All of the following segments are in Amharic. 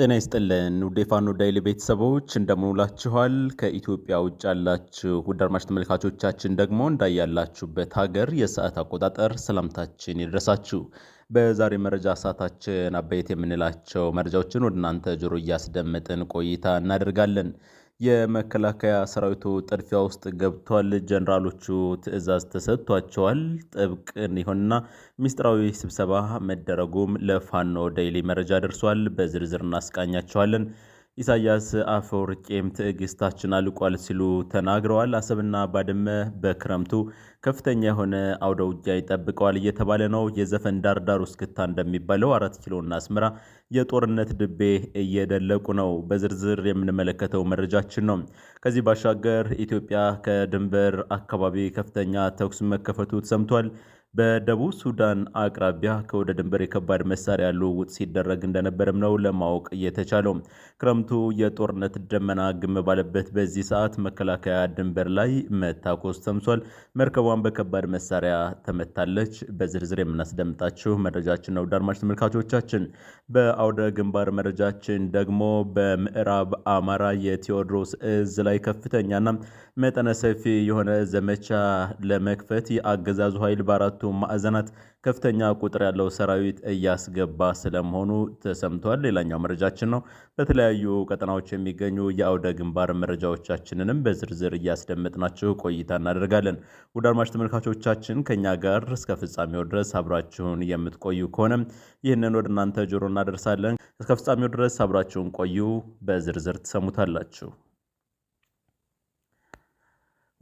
ጤና ይስጥልን ውድ የፋኖ ዳይሊ ቤተሰቦች እንደምንውላችኋል። ከኢትዮጵያ ውጭ ያላችሁ ውድ አድማጭ ተመልካቾቻችን ደግሞ እንዳያላችሁበት ሀገር የሰዓት አቆጣጠር ሰላምታችን ይድረሳችሁ። በዛሬ መረጃ ሰዓታችን አበይት የምንላቸው መረጃዎችን ወደ እናንተ ጆሮ እያስደመጥን ቆይታ እናደርጋለን። የመከላከያ ሰራዊቱ ጥድፊያ ውስጥ ገብቷል። ጀኔራሎቹ ትዕዛዝ ተሰጥቷቸዋል። ጥብቅ እንዲሆንና ሚስጥራዊ ስብሰባ መደረጉም ለፋኖ ዴይሊ መረጃ ደርሷል። በዝርዝር እናስቃኛቸዋለን። ኢሳያስ አፈወርቄም ትዕግስታችን አልቋል ሲሉ ተናግረዋል። አሰብና ባድመ በክረምቱ ከፍተኛ የሆነ አውደ ውጊያ ይጠብቀዋል እየተባለ ነው። የዘፈን ዳርዳር ውስክታ እንደሚባለው አራት ኪሎና አስመራ የጦርነት ድቤ እየደለቁ ነው። በዝርዝር የምንመለከተው መረጃችን ነው። ከዚህ ባሻገር ኢትዮጵያ ከድንበር አካባቢ ከፍተኛ ተኩስ መከፈቱ ተሰምቷል። በደቡብ ሱዳን አቅራቢያ ከወደ ድንበር የከባድ መሳሪያ ልውውጥ ሲደረግ እንደነበረም ነው ለማወቅ የተቻለው። ክረምቱ የጦርነት ደመና ግም ባለበት በዚህ ሰዓት መከላከያ ድንበር ላይ መታኮስ ተምሷል። መርከቧን በከባድ መሳሪያ ተመታለች። በዝርዝር የምናስደምጣችሁ መረጃችን ነው። ዳርማሽ ተመልካቾቻችን፣ በአውደ ግንባር መረጃችን ደግሞ በምዕራብ አማራ የቴዎድሮስ እዝ ላይ ከፍተኛና መጠነ ሰፊ የሆነ ዘመቻ ለመክፈት የአገዛዙ ኃይል በአራቱ ከአራቱም ማዕዘናት ከፍተኛ ቁጥር ያለው ሰራዊት እያስገባ ስለመሆኑ ተሰምቷል። ሌላኛው መረጃችን ነው። በተለያዩ ቀጠናዎች የሚገኙ የአውደ ግንባር መረጃዎቻችንንም በዝርዝር እያስደመጥናችሁ ቆይታ እናደርጋለን። ውድ አድማጭ ተመልካቾቻችን ከእኛ ጋር እስከ ፍጻሜው ድረስ አብራችሁን የምትቆዩ ከሆነም ይህንን ወደ እናንተ ጆሮ እናደርሳለን። እስከ ፍጻሜው ድረስ አብራችሁን ቆዩ፣ በዝርዝር ትሰሙታላችሁ።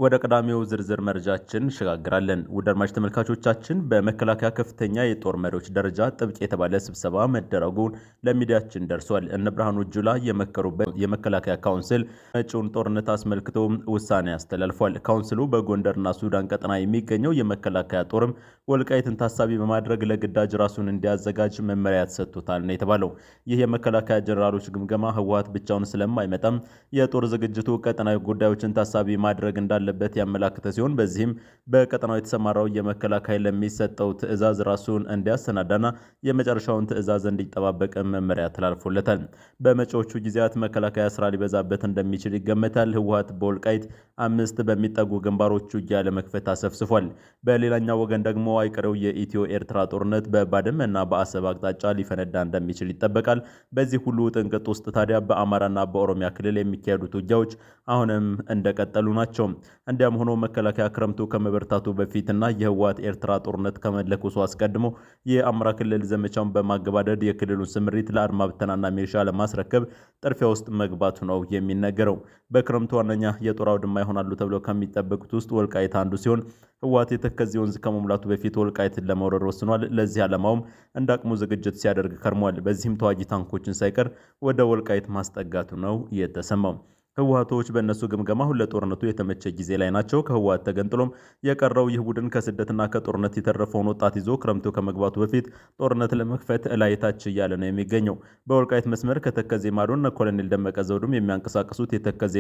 ወደ ቀዳሚው ዝርዝር መረጃችን እንሸጋግራለን። ውድ አድማጭ ተመልካቾቻችን በመከላከያ ከፍተኛ የጦር መሪዎች ደረጃ ጥብቅ የተባለ ስብሰባ መደረጉን ለሚዲያችን ደርሷል። እነ ብርሃኑ ጁላ የመከሩበት የመከላከያ ካውንስል መጪውን ጦርነት አስመልክቶ ውሳኔ አስተላልፏል። ካውንስሉ በጎንደርና ሱዳን ቀጠና የሚገኘው የመከላከያ ጦርም ወልቃይትን ታሳቢ በማድረግ ለግዳጅ ራሱን እንዲያዘጋጅ መመሪያ ተሰጥቶታል ነው የተባለው። ይህ የመከላከያ ጀኔራሎች ግምገማ ህወሓት ብቻውን ስለማይመጣም የጦር ዝግጅቱ ቀጠናዊ ጉዳዮችን ታሳቢ ማድረግ እንዳለበት ያመላክተ ሲሆን በዚህም በቀጠናው የተሰማራው የመከላከያ ለሚሰጠው ትዕዛዝ ራሱን እንዲያሰናዳና የመጨረሻውን ትዕዛዝ እንዲጠባበቅ መመሪያ ተላልፎለታል። በመጪዎቹ ጊዜያት መከላከያ ስራ ሊበዛበት እንደሚችል ይገመታል። ህወሓት በወልቃይት አምስት በሚጠጉ ግንባሮች ውጊያ ለመክፈት አሰፍስፏል። በሌላኛው ወገን ደግሞ ሳይቆመው የኢትዮ ኤርትራ ጦርነት በባድመና በአሰብ አቅጣጫ ሊፈነዳ እንደሚችል ይጠበቃል። በዚህ ሁሉ ጥንቅጥ ውስጥ ታዲያ በአማራና በኦሮሚያ ክልል የሚካሄዱት ውጊያዎች አሁንም እንደቀጠሉ ናቸው። እንዲያም ሆኖ መከላከያ ክረምቱ ከመበርታቱ በፊትና የህወሓት ኤርትራ ጦርነት ከመለኮሱ አስቀድሞ የአማራ ክልል ዘመቻውን በማገባደድ የክልሉን ስምሪት ለአድማ ብተናና ሚሊሻ ለማስረከብ ጥርፊያ ውስጥ መግባቱ ነው የሚነገረው። በክረምቱ ዋነኛ የጦር አውድማ ይሆናሉ ተብለው ከሚጠበቁት ውስጥ ወልቃይት አንዱ ሲሆን ህወሓት የተከዜ ወንዝ ከመሙላቱ በፊት ወልቃይትን ለመውረር ወስኗል። ለዚህ ዓላማውም እንደ አቅሙ ዝግጅት ሲያደርግ ከርሟል። በዚህም ተዋጊ ታንኮችን ሳይቀር ወደ ወልቃይት ማስጠጋቱ ነው የተሰማው። ህወሓቶች በእነሱ ግምገማ ሁለት ጦርነቱ የተመቸ ጊዜ ላይ ናቸው። ከህወሓት ተገንጥሎም የቀረው ይህ ቡድን ከስደትና ከጦርነት የተረፈውን ወጣት ይዞ ክረምቱ ከመግባቱ በፊት ጦርነት ለመክፈት እላይታች እያለ ነው የሚገኘው። በወልቃይት መስመር ከተከዜ ማዶን ኮለኔል ኮሎኔል ደመቀ ዘውዱም የሚያንቀሳቅሱት የተከዜ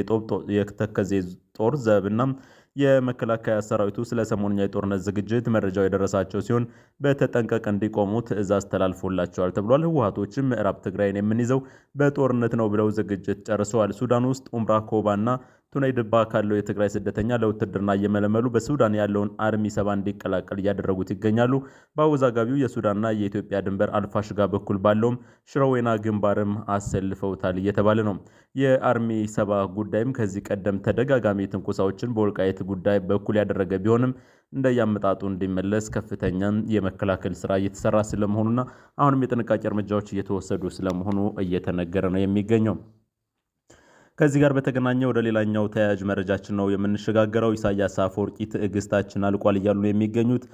ጦር ዘብና የመከላከያ ሰራዊቱ ስለ ሰሞንኛ የጦርነት ዝግጅት መረጃው የደረሳቸው ሲሆን በተጠንቀቅ እንዲቆሙ ትዕዛዝ ተላልፎላቸዋል ተብሏል። ህወሀቶችም ምዕራብ ትግራይን የምንይዘው በጦርነት ነው ብለው ዝግጅት ጨርሰዋል። ሱዳን ውስጥ ኡምራ ኮባ እና ቱነይ ድባ ካለው የትግራይ ስደተኛ ለውትድርና እየመለመሉ በሱዳን ያለውን አርሚ ሰባ እንዲቀላቀል እያደረጉት ይገኛሉ። በአወዛጋቢው የሱዳንና የኢትዮጵያ ድንበር አልፋሽጋ በኩል ባለውም ሽረወይና ግንባርም አሰልፈውታል እየተባለ ነው። የአርሚ ሰባ ጉዳይም ከዚህ ቀደም ተደጋጋሚ ትንኮሳዎችን በወልቃየት ጉዳይ በኩል ያደረገ ቢሆንም እንደያመጣጡ እንዲመለስ ከፍተኛ የመከላከል ስራ እየተሰራ ስለመሆኑና አሁንም የጥንቃቄ እርምጃዎች እየተወሰዱ ስለመሆኑ እየተነገረ ነው የሚገኘው። ከዚህ ጋር በተገናኘ ወደ ሌላኛው ተያያዥ መረጃችን ነው የምንሸጋገረው። ኢሳያስ አፈወርቂ ትዕግስታችን አልቋል እያሉ ነው የሚገኙት።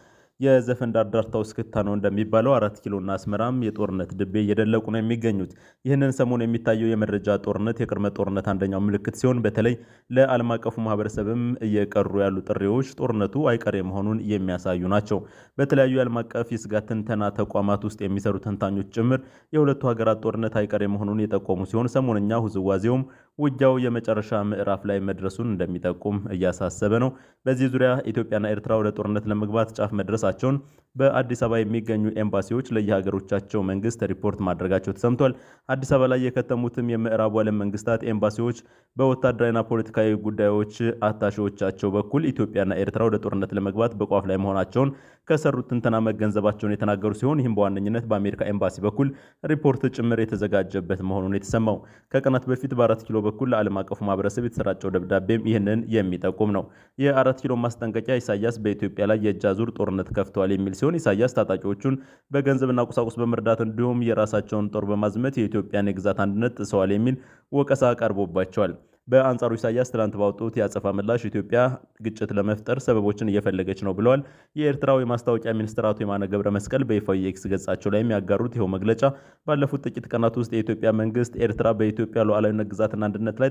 የዘፈን ዳርዳርታው እስክታ ነው እንደሚባለው አራት ኪሎና አስመራም የጦርነት ድቤ እየደለቁ ነው የሚገኙት። ይህንን ሰሞን የሚታየው የመረጃ ጦርነት የቅድመ ጦርነት አንደኛው ምልክት ሲሆን በተለይ ለዓለም አቀፉ ማህበረሰብም እየቀሩ ያሉ ጥሪዎች ጦርነቱ አይቀሬ መሆኑን የሚያሳዩ ናቸው። በተለያዩ የዓለም አቀፍ የስጋት ትንተና ተቋማት ውስጥ የሚሰሩ ተንታኞች ጭምር የሁለቱ ሀገራት ጦርነት አይቀሬ መሆኑን የጠቆሙ ሲሆን ሰሞንኛ ውዝዋዜውም ውጊያው የመጨረሻ ምዕራፍ ላይ መድረሱን እንደሚጠቁም እያሳሰበ ነው። በዚህ ዙሪያ ኢትዮጵያና ኤርትራ ወደ ጦርነት ለመግባት ጫፍ መድረሳቸውን በአዲስ አበባ የሚገኙ ኤምባሲዎች ለየሀገሮቻቸው መንግስት ሪፖርት ማድረጋቸው ተሰምቷል። አዲስ አበባ ላይ የከተሙትም የምዕራቡ ዓለም መንግስታት ኤምባሲዎች በወታደራዊና ፖለቲካዊ ጉዳዮች አታሺዎቻቸው በኩል ኢትዮጵያና ኤርትራ ወደ ጦርነት ለመግባት በቋፍ ላይ መሆናቸውን ከሰሩት ትንተና መገንዘባቸውን የተናገሩ ሲሆን ይህም በዋነኝነት በአሜሪካ ኤምባሲ በኩል ሪፖርት ጭምር የተዘጋጀበት መሆኑን የተሰማው ከቀናት በፊት በአራት ኪሎ በኩል ለዓለም አቀፉ ማህበረሰብ የተሰራጨው ደብዳቤም ይህንን የሚጠቁም ነው። የአራት ኪሎ ማስጠንቀቂያ ኢሳያስ በኢትዮጵያ ላይ የእጅ አዙር ጦርነት ከፍተዋል የሚል ሲሆን ኢሳያስ ታጣቂዎቹን በገንዘብና ቁሳቁስ በመርዳት እንዲሁም የራሳቸውን ጦር በማዝመት የኢትዮጵያን የግዛት አንድነት ጥሰዋል የሚል ወቀሳ ቀርቦባቸዋል። በአንጻሩ ኢሳያስ ትላንት ባወጡት የአጸፋ ምላሽ ኢትዮጵያ ግጭት ለመፍጠር ሰበቦችን እየፈለገች ነው ብለዋል። የኤርትራው የማስታወቂያ ሚኒስትር አቶ የማነ ገብረ መስቀል በይፋዊ የኤክስ ገጻቸው ላይ የሚያጋሩት ይኸው መግለጫ ባለፉት ጥቂት ቀናት ውስጥ የኢትዮጵያ መንግስት ኤርትራ በኢትዮጵያ ሉዓላዊነት ግዛትና አንድነት ላይ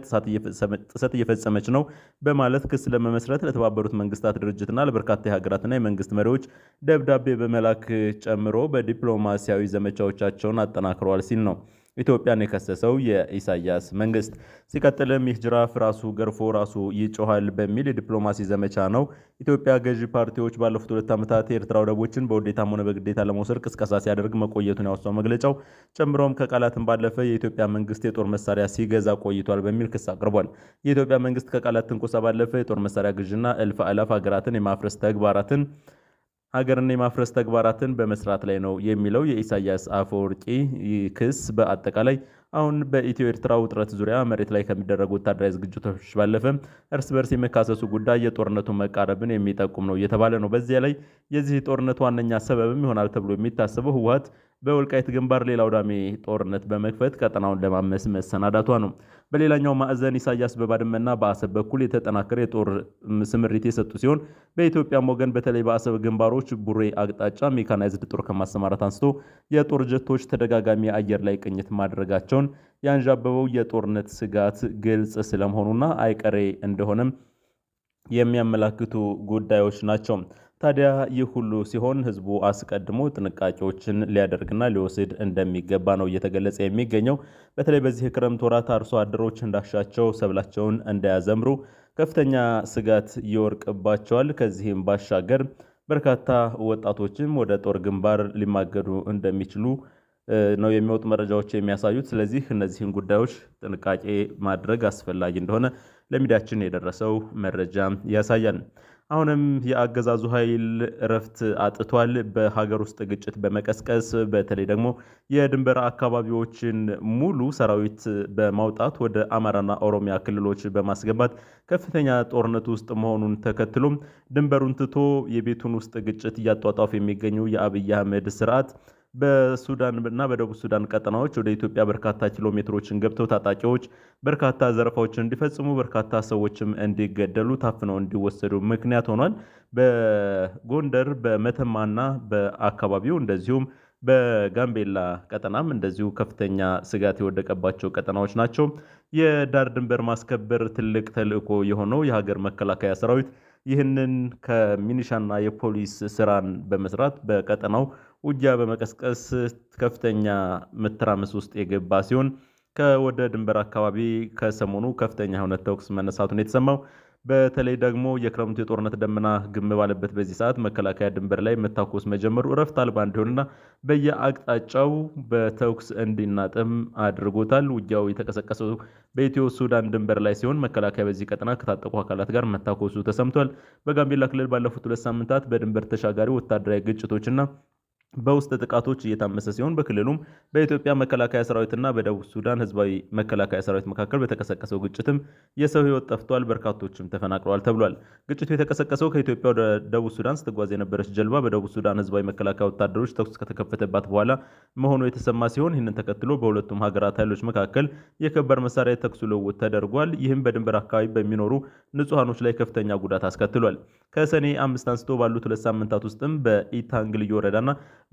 ጥሰት እየፈጸመች ነው በማለት ክስ ለመመስረት ለተባበሩት መንግስታት ድርጅትና ለበርካታ የሀገራትና የመንግስት መሪዎች ደብዳቤ በመላክ ጨምሮ በዲፕሎማሲያዊ ዘመቻዎቻቸውን አጠናክረዋል ሲል ነው ኢትዮጵያን የከሰሰው የኢሳያስ መንግስት። ሲቀጥልም ይህ ጅራፍ ራሱ ገርፎ ራሱ ይጮኋል በሚል የዲፕሎማሲ ዘመቻ ነው። ኢትዮጵያ ገዢ ፓርቲዎች ባለፉት ሁለት ዓመታት የኤርትራ ወደቦችን በውዴታም ሆነ በግዴታ ለመውሰድ ቅስቀሳ ሲያደርግ መቆየቱን ያወሳው መግለጫው ጨምሮም ከቃላትን ባለፈ የኢትዮጵያ መንግስት የጦር መሳሪያ ሲገዛ ቆይቷል በሚል ክስ አቅርቧል። የኢትዮጵያ መንግስት ከቃላት ትንኮሳ ባለፈ የጦር መሳሪያ ግዥና እልፍ አላፍ ሀገራትን የማፍረስ ተግባራትን ሀገርን የማፍረስ ተግባራትን በመስራት ላይ ነው የሚለው የኢሳያስ አፈወርቂ ክስ በአጠቃላይ አሁን በኢትዮ ኤርትራ ውጥረት ዙሪያ መሬት ላይ ከሚደረጉ ወታደራዊ ዝግጅቶች ባለፈ እርስ በርስ የመካሰሱ ጉዳይ የጦርነቱ መቃረብን የሚጠቁም ነው እየተባለ ነው። በዚያ ላይ የዚህ ጦርነት ዋነኛ ሰበብም ይሆናል ተብሎ የሚታሰበው ህወሓት በወልቃይት ግንባር ሌላ ውዳሜ ጦርነት በመክፈት ቀጠናውን ለማመስ መሰናዳቷ ነው። በሌላኛው ማዕዘን ኢሳያስ በባድመና በአሰብ በኩል የተጠናከረ የጦር ስምሪት የሰጡ ሲሆን በኢትዮጵያም ወገን በተለይ በአሰብ ግንባሮች ቡሬ አቅጣጫ ሜካናይዝድ ጦር ከማሰማራት አንስቶ የጦር ጀቶች ተደጋጋሚ አየር ላይ ቅኝት ማድረጋቸውን ያንዣበበው የጦርነት ስጋት ግልጽ ስለመሆኑና አይቀሬ እንደሆነም የሚያመላክቱ ጉዳዮች ናቸው። ታዲያ ይህ ሁሉ ሲሆን ህዝቡ አስቀድሞ ጥንቃቄዎችን ሊያደርግና ሊወስድ እንደሚገባ ነው እየተገለጸ የሚገኘው። በተለይ በዚህ የክረምት ወራት አርሶ አደሮች እንዳሻቸው ሰብላቸውን እንዳያዘምሩ ከፍተኛ ስጋት ይወርቅባቸዋል። ከዚህም ባሻገር በርካታ ወጣቶችም ወደ ጦር ግንባር ሊማገዱ እንደሚችሉ ነው የሚወጡ መረጃዎች የሚያሳዩት። ስለዚህ እነዚህን ጉዳዮች ጥንቃቄ ማድረግ አስፈላጊ እንደሆነ ለሚዲያችን የደረሰው መረጃ ያሳያል። አሁንም የአገዛዙ ኃይል እረፍት አጥቷል። በሀገር ውስጥ ግጭት በመቀስቀስ በተለይ ደግሞ የድንበር አካባቢዎችን ሙሉ ሰራዊት በማውጣት ወደ አማራና ኦሮሚያ ክልሎች በማስገባት ከፍተኛ ጦርነት ውስጥ መሆኑን ተከትሎም ድንበሩን ትቶ የቤቱን ውስጥ ግጭት እያጧጧፍ የሚገኘው የአብይ አህመድ ስርዓት በሱዳን እና በደቡብ ሱዳን ቀጠናዎች ወደ ኢትዮጵያ በርካታ ኪሎ ሜትሮችን ገብተው ታጣቂዎች በርካታ ዘረፋዎችን እንዲፈጽሙ በርካታ ሰዎችም እንዲገደሉ ታፍነው እንዲወሰዱ ምክንያት ሆኗል። በጎንደር በመተማና በአካባቢው እንደዚሁም በጋምቤላ ቀጠናም እንደዚሁ ከፍተኛ ስጋት የወደቀባቸው ቀጠናዎች ናቸው። የዳር ድንበር ማስከበር ትልቅ ተልዕኮ የሆነው የሀገር መከላከያ ሰራዊት ይህንን ከሚኒሻና የፖሊስ ስራን በመስራት በቀጠናው ውጊያ በመቀስቀስ ከፍተኛ መተራመስ ውስጥ የገባ ሲሆን ከወደ ድንበር አካባቢ ከሰሞኑ ከፍተኛ የሆነ ተኩስ መነሳቱን የተሰማው በተለይ ደግሞ የክረምቱ የጦርነት ደመና ግም ባለበት በዚህ ሰዓት መከላከያ ድንበር ላይ መታኮስ መጀመሩ እረፍት አልባ እንዲሆንና በየአቅጣጫው በተኩስ እንዲናጥም አድርጎታል። ውጊያው የተቀሰቀሰው በኢትዮ ሱዳን ድንበር ላይ ሲሆን መከላከያ በዚህ ቀጠና ከታጠቁ አካላት ጋር መታኮሱ ተሰምቷል። በጋምቤላ ክልል ባለፉት ሁለት ሳምንታት በድንበር ተሻጋሪ ወታደራዊ ግጭቶችና በውስጥ ጥቃቶች እየታመሰ ሲሆን በክልሉም በኢትዮጵያ መከላከያ ሰራዊትና በደቡብ ሱዳን ህዝባዊ መከላከያ ሰራዊት መካከል በተቀሰቀሰው ግጭትም የሰው ህይወት ጠፍቷል፣ በርካቶችም ተፈናቅለዋል ተብሏል። ግጭቱ የተቀሰቀሰው ከኢትዮጵያ ወደ ደቡብ ሱዳን ስትጓዝ የነበረች ጀልባ በደቡብ ሱዳን ህዝባዊ መከላከያ ወታደሮች ተኩስ ከተከፈተባት በኋላ መሆኑ የተሰማ ሲሆን ይህንን ተከትሎ በሁለቱም ሀገራት ኃይሎች መካከል የከባድ መሳሪያ የተኩስ ልውውጥ ተደርጓል። ይህም በድንበር አካባቢ በሚኖሩ ንጹሐኖች ላይ ከፍተኛ ጉዳት አስከትሏል። ከሰኔ አምስት አንስቶ ባሉት ሁለት ሳምንታት ውስጥም በኢታንግ ልዩ ወረዳና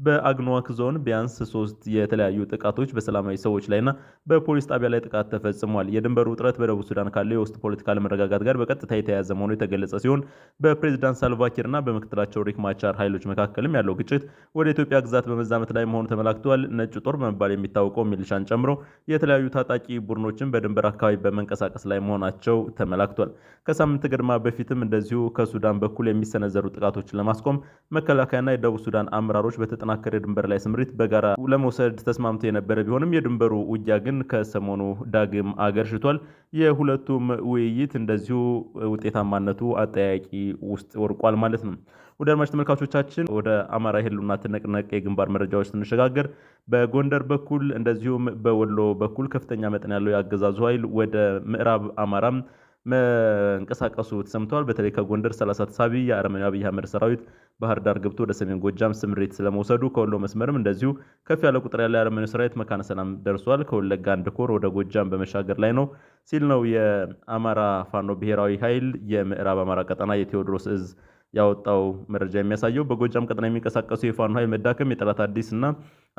በአግኖዋክ ዞን ቢያንስ ሶስት የተለያዩ ጥቃቶች በሰላማዊ ሰዎች ላይና በፖሊስ ጣቢያ ላይ ጥቃት ተፈጽሟል። የድንበሩ ውጥረት በደቡብ ሱዳን ካለው የውስጥ ፖለቲካ ለመረጋጋት ጋር በቀጥታ የተያያዘ መሆኑ የተገለጸ ሲሆን በፕሬዚዳንት ሳልቫኪር እና በምክትላቸው ሪክ ማቻር ኃይሎች መካከልም ያለው ግጭት ወደ ኢትዮጵያ ግዛት በመዛመት ላይ መሆኑ ተመላክቷል። ነጭ ጦር በመባል የሚታወቀው ሚሊሻን ጨምሮ የተለያዩ ታጣቂ ቡድኖችን በድንበር አካባቢ በመንቀሳቀስ ላይ መሆናቸው ተመላክቷል። ከሳምንት ገድማ በፊትም እንደዚሁ ከሱዳን በኩል የሚሰነዘሩ ጥቃቶችን ለማስቆም መከላከያና የደቡብ ሱዳን አመራሮች በተጠ የተጠናከረ ድንበር ላይ ስምሪት በጋራ ለመውሰድ ተስማምቶ የነበረ ቢሆንም የድንበሩ ውጊያ ግን ከሰሞኑ ዳግም አገርሽቷል። የሁለቱም ውይይት እንደዚሁ ውጤታማነቱ አጠያቂ ውስጥ ወርቋል ማለት ነው። ወደ አድማጭ ተመልካቾቻችን ወደ አማራ የህልውና ትንቅንቅ የግንባር መረጃዎች ስንሸጋገር በጎንደር በኩል እንደዚሁም በወሎ በኩል ከፍተኛ መጠን ያለው የአገዛዙ ኃይል ወደ ምዕራብ አማራም መንቀሳቀሱ ተሰምተዋል። በተለይ ከጎንደር 30 ተሳቢ የአረመኔ አብይ አህመድ ሰራዊት ባህር ዳር ገብቶ ወደ ሰሜን ጎጃም ስምሬት ስለመውሰዱ ከወሎ መስመርም እንደዚሁ ከፍ ያለ ቁጥር ያለ የአረመኔ ሰራዊት መካነ ሰላም ደርሷል። ከወለጋ አንድ ኮር ወደ ጎጃም በመሻገር ላይ ነው ሲል ነው የአማራ ፋኖ ብሔራዊ ኃይል የምዕራብ አማራ ቀጠና የቴዎድሮስ እዝ ያወጣው መረጃ የሚያሳየው። በጎጃም ቀጠና የሚንቀሳቀሱ የፋኖ ኃይል መዳከም የጠላት አዲስ እና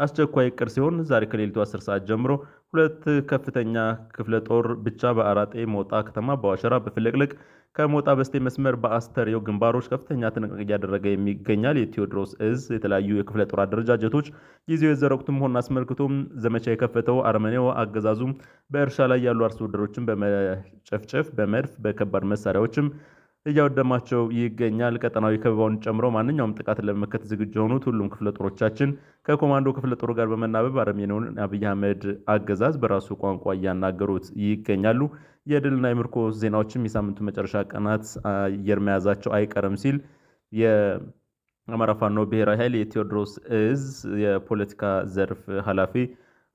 አስቸኳይ እቅድ ሲሆን ዛሬ ከሌሊቱ 10 ሰዓት ጀምሮ ሁለት ከፍተኛ ክፍለ ጦር ብቻ በአራጤ ሞጣ ከተማ በዋሸራ በፍልቅልቅ ከሞጣ በስቴ መስመር በአስተሪው ግንባሮች ከፍተኛ ጥንቃቄ እያደረገ የሚገኛል። የቴዎድሮስ እዝ የተለያዩ የክፍለ ጦር አደረጃጀቶች ጊዜው የዘረቁት መሆኑን አስመልክቶም ዘመቻ የከፈተው አርመኔው አገዛዙም በእርሻ ላይ ያሉ አርሶ አደሮችን በመጨፍጨፍ በመድፍ በከባድ መሳሪያዎችም እያወደማቸው ይገኛል። ቀጠናዊ ከበባውን ጨምሮ ማንኛውም ጥቃት ለመመከት ዝግጁ የሆኑት ሁሉም ክፍለ ጦሮቻችን ከኮማንዶ ክፍለ ጦሩ ጋር በመናበብ አረመኔውን አብይ አህመድ አገዛዝ በራሱ ቋንቋ እያናገሩት ይገኛሉ። የድልና የምርኮ ዜናዎችም የሳምንቱ መጨረሻ ቀናት አየር መያዛቸው አይቀርም ሲል የአማራ ፋኖ ብሔራዊ ኃይል የቴዎድሮስ እዝ የፖለቲካ ዘርፍ ኃላፊ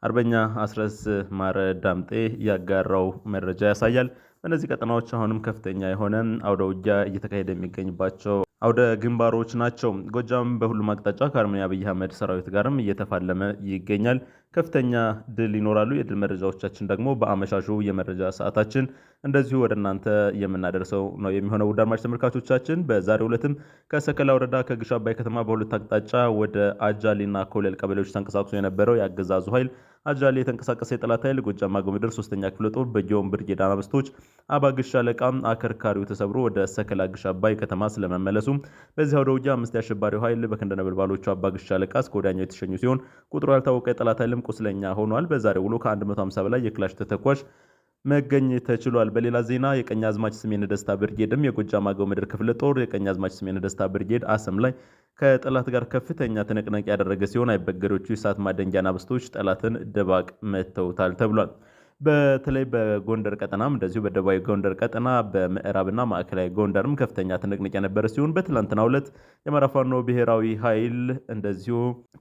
አርበኛ አስረስ ማረ ዳምጤ ያጋራው መረጃ ያሳያል። በእነዚህ ቀጠናዎች አሁንም ከፍተኛ የሆነ አውደ ውጊያ እየተካሄደ የሚገኝባቸው አውደ ግንባሮች ናቸው። ጎጃም በሁሉም አቅጣጫ ከአርመኒ አብይ አህመድ ሰራዊት ጋርም እየተፋለመ ይገኛል። ከፍተኛ ድል ይኖራሉ። የድል መረጃዎቻችን ደግሞ በአመሻሹ የመረጃ ሰዓታችን እንደዚሁ ወደ እናንተ የምናደርሰው ነው የሚሆነው። ውድ አድማጭ ተመልካቾቻችን በዛሬው ዕለትም ከሰከላ ወረዳ ከግሽ አባይ ከተማ በሁለት አቅጣጫ ወደ አጃሊና ኮለል ቀበሌዎች ተንቀሳቅሶ የነበረው የአገዛዙ ኃይል አጃሊ የተንቀሳቀሰ የጠላት ኃይል ጎጃም አገው ምድር ሶስተኛ ክፍለ ጦር በጊዮን ብርጌድ አናብስቶች አባግሽ ሻለቃ አከርካሪው ተሰብሮ ወደ ሰከላ ግሽ አባይ ከተማ ስለመመለሱ በዚህ አውደ ውጊያ አምስት የአሸባሪው ኃይል በክንደ ነበልባሎቹ አባግሽ ሻለቃ እስከ ወዲያኛው የተሸኙ ሲሆን ቁጥሩ ያልታወቀ የጠላት ኃይልም ቁስለኛ ሆኗል። በዛሬው ውሎ ከ150 በላይ የክላሽ ተተኳሽ መገኘት ተችሏል። በሌላ ዜና አዝማች ስሜን ደስታ ብርጌድም የጎጃም አገው ምድር ክፍለ ጦር አዝማች ስሜን ደስታ ብርጌድ አሰም ላይ ከጠላት ጋር ከፍተኛ ትንቅንቅ ያደረገ ሲሆን አይበገሪዎቹ የእሳት ማደንጊያ ናብስቶች ጠላትን ደባቅ መተውታል ተብሏል። በተለይ በጎንደር ቀጠናም እንደዚሁ በደቡባዊ ጎንደር ቀጠና በምዕራብና ማዕከላዊ ጎንደርም ከፍተኛ ትንቅንቅ የነበረ ሲሆን በትላንትናው ዕለት የአማራ ፋኖ ብሔራዊ ኃይል እንደዚሁ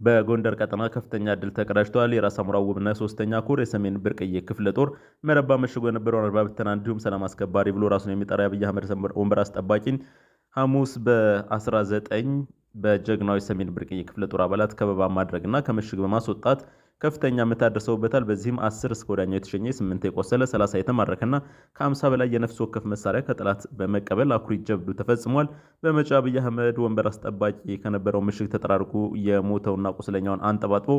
በጎንደር ቀጠና ከፍተኛ ድል ተቀዳጅተዋል። የራስ አሞራ ውብነህ ሶስተኛ ኮር የሰሜን ብርቅዬ ክፍለ ጦር መረባ መሽጎ የነበረውን አርባ ብተና እንዲሁም ሰላም አስከባሪ ብሎ ራሱን የሚጠራ የአብይ አህመድ ወንበር አስጠባቂን ሐሙስ በ19 በጀግናዊ ሰሜን ብርቅዬ ክፍለ ጦር አባላት ከበባ ማድረግና ከምሽግ በማስወጣት ከፍተኛ ምት አድርሰውበታል። በዚህም 10 እስከ ወዲያኛው የተሸኘ 8 የቆሰለ 30 የተማረከና ከ50 በላይ የነፍስ ወከፍ መሳሪያ ከጠላት በመቀበል አኩሪ ጀብዱ ተፈጽሟል። በመጪው አብይ አህመድ ወንበር አስጠባቂ ከነበረው ምሽግ ተጠራርጎ የሞተውና ቁስለኛውን አንጠባጥቦ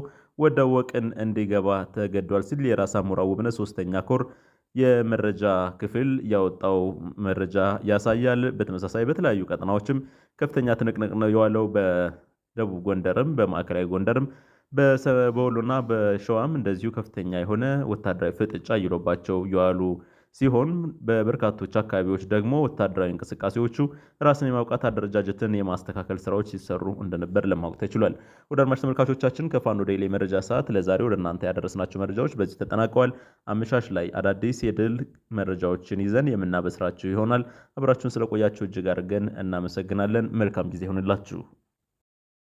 ወደ ወቅን እንዲገባ ተገዷል ሲል የራስ አሞራ ውብነ ሶስተኛ ኮር የመረጃ ክፍል ያወጣው መረጃ ያሳያል። በተመሳሳይ በተለያዩ ቀጠናዎችም ከፍተኛ ትንቅንቅ ነው የዋለው። በደቡብ ጎንደርም በማዕከላዊ ጎንደርም በወሎና በሸዋም እንደዚሁ ከፍተኛ የሆነ ወታደራዊ ፍጥጫ ይሎባቸው የዋሉ ሲሆን በበርካቶች አካባቢዎች ደግሞ ወታደራዊ እንቅስቃሴዎቹ ራስን የማውቃት አደረጃጀትን የማስተካከል ስራዎች ሲሰሩ እንደነበር ለማወቅ ተችሏል። ወደ አድማጭ ተመልካቾቻችን ከፋኖ ዴይሊ መረጃ ሰዓት ለዛሬ ወደ እናንተ ያደረስናቸው መረጃዎች በዚህ ተጠናቀዋል። አመሻሽ ላይ አዳዲስ የድል መረጃዎችን ይዘን የምናበስራችሁ ይሆናል። አብራችሁን ስለቆያችሁ እጅግ አድርገን እናመሰግናለን። መልካም ጊዜ ይሆንላችሁ።